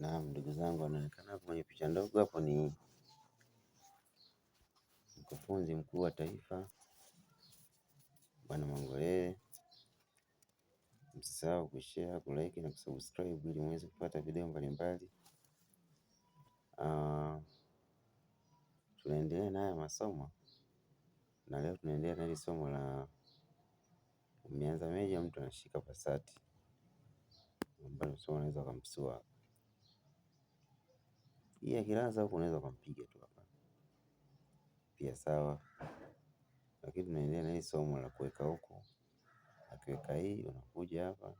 Naam, ndugu zangu, anaonekana hapo kwenye picha ndogo hapo ni mkufunzi mkuu wa taifa Bwana Mangwele. Msisahau kushare, kulike na kusubscribe ili muweze kupata video mbalimbali. Uh, tunaendelea nayo masomo na leo tunaendelea na hili somo la umeanza meja mtu anashika pasati ambalo somo unaweza ukamsua hii akilaza huku unaweza ukampiga tu hapa. Pia sawa. Lakini tunaendelea na hii somo la kuweka huku. Akiweka hii unakuja hapa.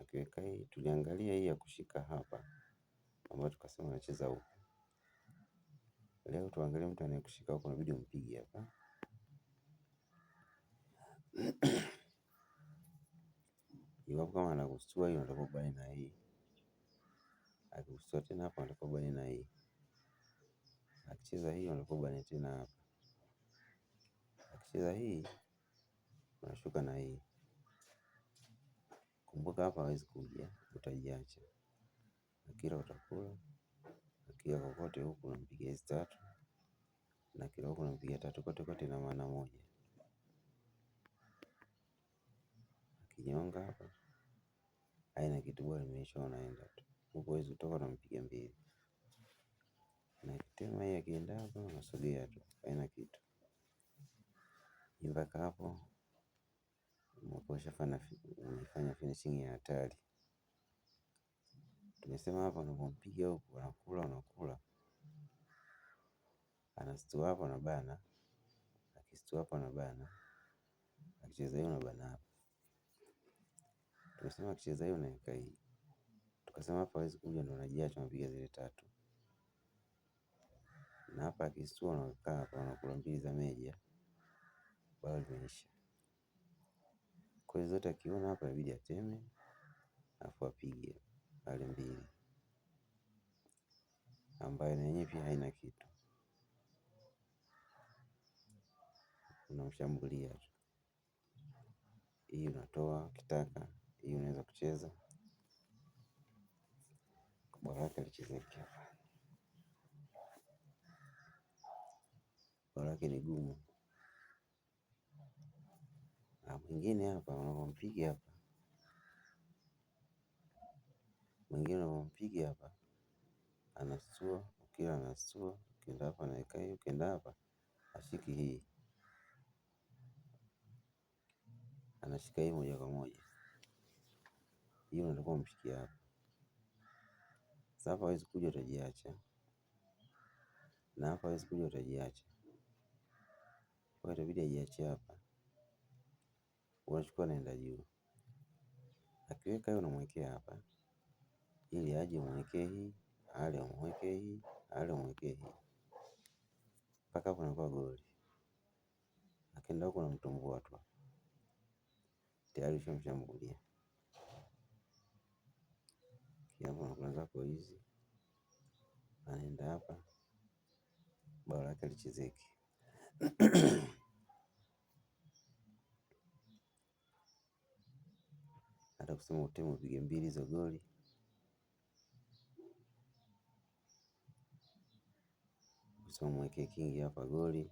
Akiweka hii tuliangalia hii ya kushika hapa ambayo tukasema unacheza huku. Leo tuangalie mtu anayekushika huko inabidi umpige hapa. Iwapo kama anakustua hiyo ndio kubali na hii. Akikusua tena hapa atakubali na hii. Akicheza hii anakubali tena hapa. Akicheza hii unashuka na hii. Kumbuka hapa hawezi kuja, utajiacha. akila utakula. akila kokote huku unampigia hizi tatu. Na kila huku unampigia tatu kote kote na maana moja. Akinyonga hapa. Haina kitu bora imeisha unaenda tu huwezi kutoka unampiga mbili. Na akitema yeye akienda hapo unasogea tu haina kitu. Mpaka hapo umekuwa fana, umefanya finishing ya hatari. Tumesema hapo unapompiga huku unakula unakula. Anastua hapo bana Akistua hapo bana Akicheza hiyo unabana hapo. Tumesema akicheza hiyo unaweka hii. Akasema hapa hawezi kuja, ndo anajiacha, anapiga zile tatu na hapa akistua anakaa hapa, wanakula mbili za meja, bao limeisha. Kwa hiyo zote akiona hapa inabidi ateme, afu apige pale mbili, ambayo na yenyewe pia haina kitu, unamshambulia tu. Hii unatoa kitaka, hii unaweza kucheza. Baraka alichezeke hapa. Baraka ni gumu. Na mwingine hapa unapompiga hapa, mwingine unapompiga hapa anastua, ukila anastua, ukienda hapa anaweka hii, ukienda hapa ashiki hii, anashika hii moja kwa moja, hiyo unakuwa mshikia hapa sasa hapa hawezi kuja utajiacha, na hapa hawezi kuja utajiacha, kwa hiyo itabidi ajiache hapa. Unachukua naenda juu, akiweka hiyo unamwekea hapa, ili aje umwekee hii, ale umwekee hii, ale umwekee hii, mpaka hapo nakuwa goli. Akienda huko namtumbua tu, tayari ushamshambulia hapo nakula zako hizi, anaenda hapa bao lake lichezeke. hata kusema utemu upige mbili za goli kusema mweke kingi hapa goli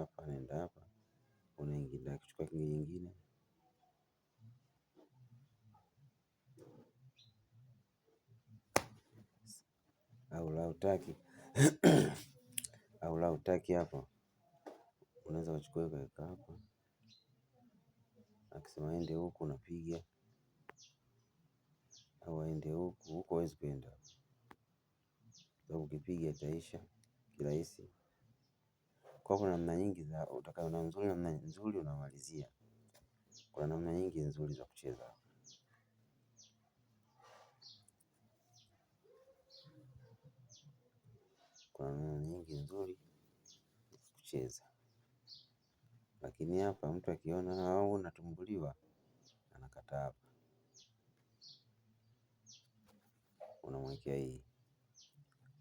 hapa nenda hapa, unaingilia kuchukua kingi nyingine. Au la utaki au la utaki hapa, unaweza kuchukua ukaweka hapa, akisema aende huku unapiga, au aende huku huku, hawezi kuenda sababu ukipiga itaisha kirahisi. Kwa kuna namna nyingi za utakayo na nzuri namna nzuri unamalizia. Kuna namna nyingi nzuri za kucheza. Kuna namna nyingi nzuri za kucheza. Lakini hapa mtu akiona au unatumbuliwa anakataa hapa. Unamwekea hii.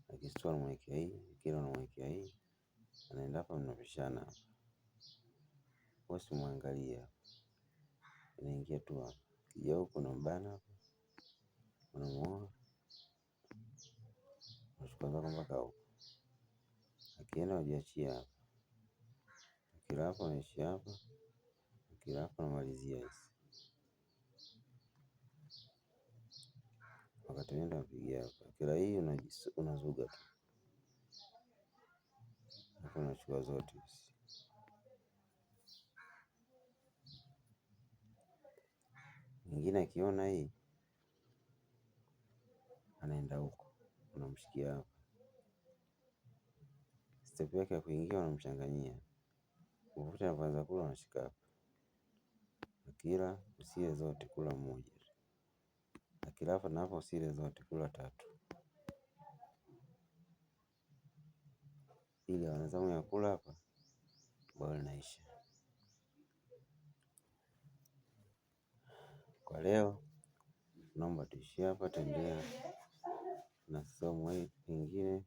Lakini sio unamwekea hii, kile unamwekea hii anaenda hapa, mnapishana hapa, simwangalia hapa, anaingia tu hapa, kija huku mbana hapa, unamuoa unachukua zako mpaka huku, akienda wajiachia hapa, akila hapa unaishi hapa, akila hapa unamalizia hizi wakati enda mpigia hapa, akila hii unazuga tu nilikuwa nachukua zote hizi. Mwingine akiona hii anaenda huko, unamshikia hapa. Step yake ya kuingia unamchanganyia, uvute na kula, unashika hapa. Akila usile zote, kula moja. Akila hapa na hapa usile zote, kula tatu. ili wanazamu ya kula hapa, bao linaisha kwa leo. Naomba tuishie hapa, tuendelee na somo hili lingine.